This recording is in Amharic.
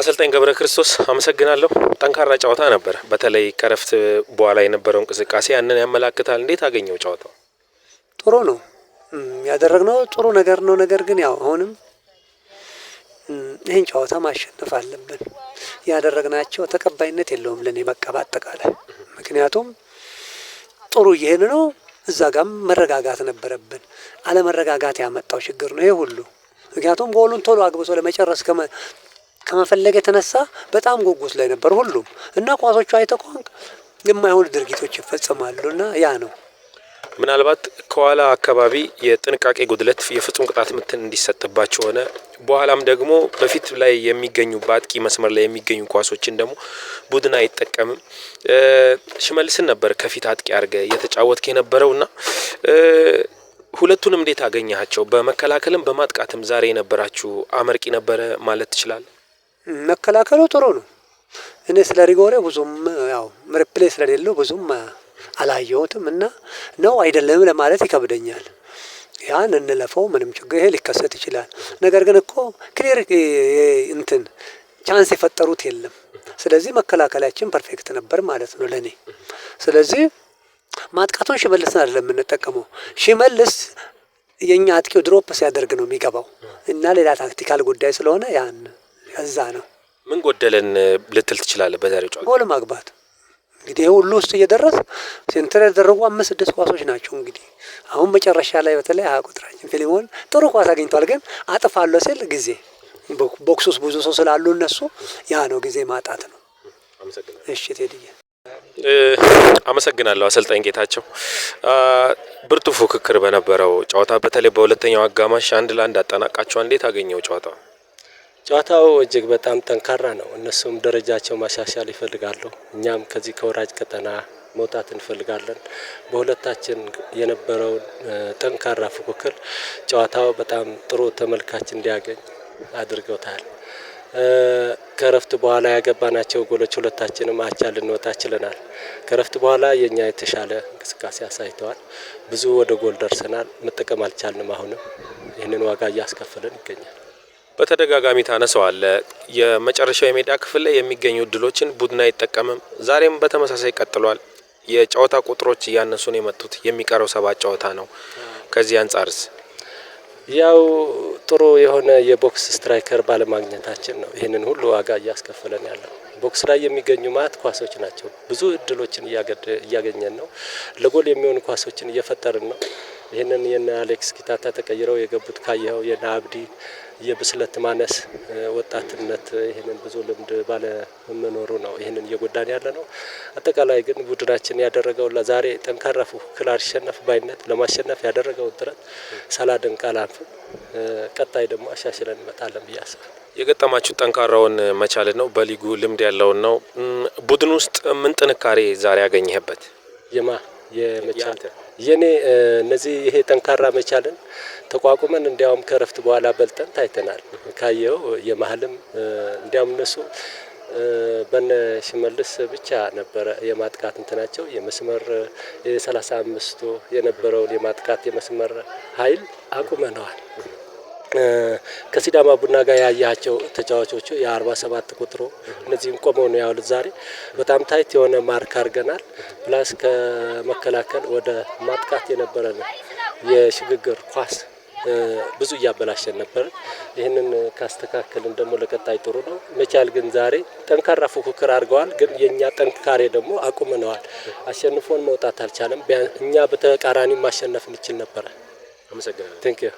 አሰልጣኝ ገብረ ክርስቶስ አመሰግናለሁ። ጠንካራ ጨዋታ ነበር በተለይ ከረፍት በኋላ የነበረው እንቅስቃሴ ያንን ያመላክታል። እንዴት አገኘው ጨዋታው? ጥሩ ነው ያደረግነው ጥሩ ነገር ነው። ነገር ግን ያው አሁንም ይህን ጨዋታ ማሸነፍ አለብን። ያደረግናቸው ተቀባይነት የለውም ለእኔ በቃ በአጠቃላይ ምክንያቱም ጥሩ እየሄድ ነው። እዛ ጋም መረጋጋት ነበረብን። አለመረጋጋት ያመጣው ችግር ነው ይሄ ሁሉ ምክንያቱም ጎሉን ቶሎ አግብሶ ለመጨረስ ከመፈለግ የተነሳ በጣም ጉጉት ላይ ነበር ሁሉም እና ኳሶቹ አይተቆንቅ የማይሆን ድርጊቶች ይፈጸማሉ እና ያ ነው ምናልባት ከኋላ አካባቢ የጥንቃቄ ጉድለት የፍጹም ቅጣት ምትን እንዲሰጥባቸው ሆነ። በኋላም ደግሞ በፊት ላይ የሚገኙ በአጥቂ መስመር ላይ የሚገኙ ኳሶችን ደግሞ ቡድን አይጠቀምም። ሽመልስን ነበር ከፊት አጥቂ አርገ እየተጫወትክ የነበረው እና ሁለቱንም እንዴት አገኘሃቸው? በመከላከልም በማጥቃትም ዛሬ የነበራችሁ አመርቂ ነበረ ማለት ትችላል። መከላከሉ ጥሩ ነው። እኔ ስለ ሪጎሬ ብዙም ያው ምርፕሌ ስለሌለው ብዙም አላየሁትም እና ነው አይደለም ለማለት ይከብደኛል። ያን እንለፈው፣ ምንም ችግር ይሄ ሊከሰት ይችላል። ነገር ግን እኮ ክሊር እንትን ቻንስ የፈጠሩት የለም። ስለዚህ መከላከላችን ፐርፌክት ነበር ማለት ነው ለእኔ። ስለዚህ ማጥቃቱን ሽመልስን አይደለም የምንጠቀመው። ሽመልስ የእኛ አጥቂው ድሮፕ ሲያደርግ ነው የሚገባው እና ሌላ ታክቲካል ጉዳይ ስለሆነ ያን እዛ ነው። ምን ጎደለን ልትል ትችላለህ? በዛሬው ጨዋታ ጎል ማግባት እንግዲህ ሁሉ ውስጥ እየደረስ ሴንትር ያደረጉ አምስት ስድስት ኳሶች ናቸው። እንግዲህ አሁን መጨረሻ ላይ በተለይ አቁጥራችን ፊሊሞን ጥሩ ኳስ አግኝቷል፣ ግን አጥፋለሁ ሲል ጊዜ ቦክስ ውስጥ ብዙ ሰው ስላሉ እነሱ ያ ነው ጊዜ ማጣት ነው። እሺ ቴድዬ አመሰግናለሁ። አሰልጣኝ ጌታቸው ብርቱ ፉክክር በነበረው ጨዋታ በተለይ በሁለተኛው አጋማሽ አንድ ለአንድ አጠናቃቸው። እንዴት አገኘው ጨዋታው? ጨዋታው እጅግ በጣም ጠንካራ ነው። እነሱም ደረጃቸው ማሻሻል ይፈልጋሉ። እኛም ከዚህ ከወራጅ ቀጠና መውጣት እንፈልጋለን። በሁለታችን የነበረውን ጠንካራ ፉክክር ጨዋታው በጣም ጥሩ ተመልካች እንዲያገኝ አድርገውታል። ከረፍት በኋላ ያገባናቸው ጎሎች ሁለታችንም አቻ ልንወጣ ችለናል። ከረፍት በኋላ የኛ የተሻለ እንቅስቃሴ አሳይተዋል። ብዙ ወደ ጎል ደርሰናል፣ መጠቀም አልቻልንም። አሁንም ይህንን ዋጋ እያስከፈለን ይገኛል። በተደጋጋሚ ታነሰዋለ። የመጨረሻው የሜዳ ክፍል ላይ የሚገኙ እድሎችን ቡድን አይጠቀምም። ዛሬም በተመሳሳይ ቀጥሏል። የጨዋታ ቁጥሮች እያነሱ ነው የመጡት። የሚቀረው ሰባት ጨዋታ ነው። ከዚህ አንጻርስ ያው ጥሩ የሆነ የቦክስ ስትራይከር ባለማግኘታችን ነው ይህንን ሁሉ ዋጋ እያስከፈለን ያለው። ቦክስ ላይ የሚገኙ ማት ኳሶች ናቸው። ብዙ እድሎችን እያገኘን ነው። ለጎል የሚሆኑ ኳሶችን እየፈጠርን ነው። ይህንን የነ አሌክስ ኪታታ ተቀይረው የገቡት ካየኸው የነ አብዲ የብስለት ማነስ ወጣትነት ይህንን ብዙ ልምድ ባለመኖሩ ነው ይህንን እየጎዳን ያለ ነው። አጠቃላይ ግን ቡድናችን ያደረገው ለዛሬ ጠንካራ ፉክክል አሸነፍ ባይነት ለማሸነፍ ያደረገውን ጥረት ሳላደንቅ አላልፍም። ቀጣይ ደግሞ አሻሽለን እንመጣለን ብዬ አስባለሁ። የገጠማችሁ ጠንካራውን መቻል ነው፣ በሊጉ ልምድ ያለውን ነው። ቡድን ውስጥ ምን ጥንካሬ ዛሬ ያገኘህበት የማ የመቻል የኔ እነዚህ ይሄ ጠንካራ መቻልን ተቋቁመን እንዲያውም ከረፍት በኋላ በልጠን ታይተናል። ካየው የመሀልም እንዲያውም እነሱ በነ ሽመልስ ብቻ ነበረ የማጥቃት እንትናቸው የመስመር የሰላሳ አምስቱ የነበረውን የማጥቃት የመስመር ኃይል አቁመነዋል። ከሲዳማ ቡና ጋር ያያቸው ተጫዋቾቹ የአርባ ሰባት ቁጥሩ እነዚህም ቆመው ነው ያውል ዛሬ በጣም ታይት የሆነ ማርክ አድርገናል። ፕላስ ከመከላከል ወደ ማጥቃት የነበረ ነው የሽግግር ኳስ ብዙ እያበላሸን ነበር። ይህንን ካስተካከልን ደግሞ ለቀጣይ ጥሩ ነው። መቻል ግን ዛሬ ጠንካራ ፉክክር አድርገዋል። ግን የእኛ ጥንካሬ ደግሞ አቁመነዋል። አሸንፎን መውጣት አልቻለም። እኛ በተቃራኒ ማሸነፍ እንችል ነበረ። አመሰግናለሁ።